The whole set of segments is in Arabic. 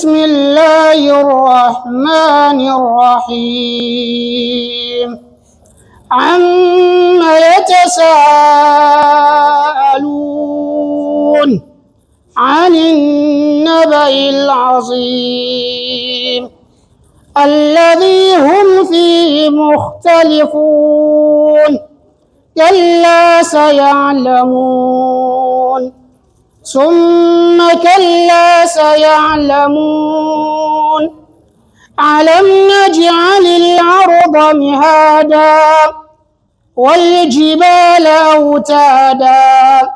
بسم الله الرحمن الرحيم عما يتساءلون عن النبأ العظيم الذي هم فيه مختلفون كلا سيعلمون ثم كلا سيعلمون ألم نجعل الأرض مهادا والجبال أوتادا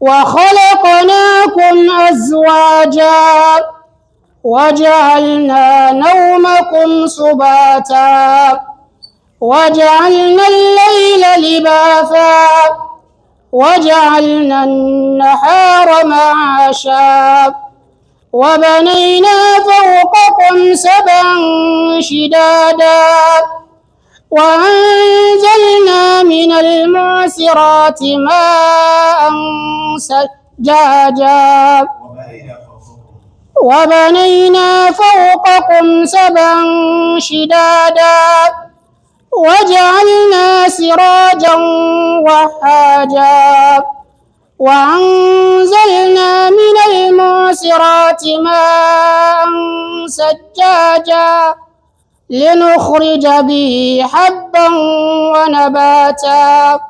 وخلقناكم أزواجا وجعلنا نومكم سباتا وجعلنا الليل لباثا وجعلنا النهار معاشا وبنينا فوقكم سبعا شدادا وأنزلنا من المعسرات ماء سجاجا وبنينا فوقكم سبعا شدادا وجعلنا سراجا وهاجا وأنزلنا من المعصرات ماء سجاجا لنخرج به حبا ونباتا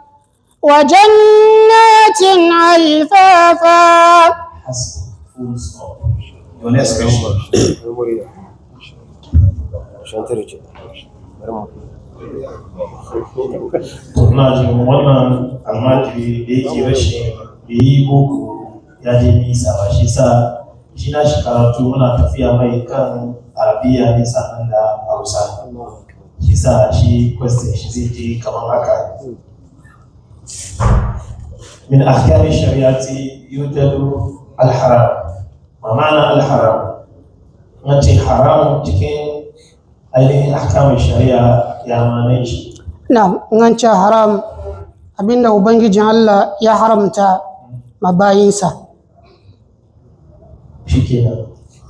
وجنات ألفافا عشان ترجع na jin wannan almajiri da yake rashin da yi boko ya je nisa ba shi sa shi na shi karatu muna tafiya mai kan arabiya ne sannan da hausa shi sa shi question shi zai je kamar haka من أحكام الشريعة يوجد الحرام ما معنى الحرام؟ نتي حرام تكين أي أحكام ya mane na haram abinda ubangijin Allah ya haramta mabayinsa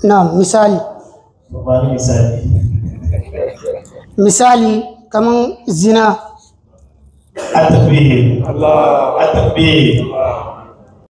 na misali misali kamar zina a tafiye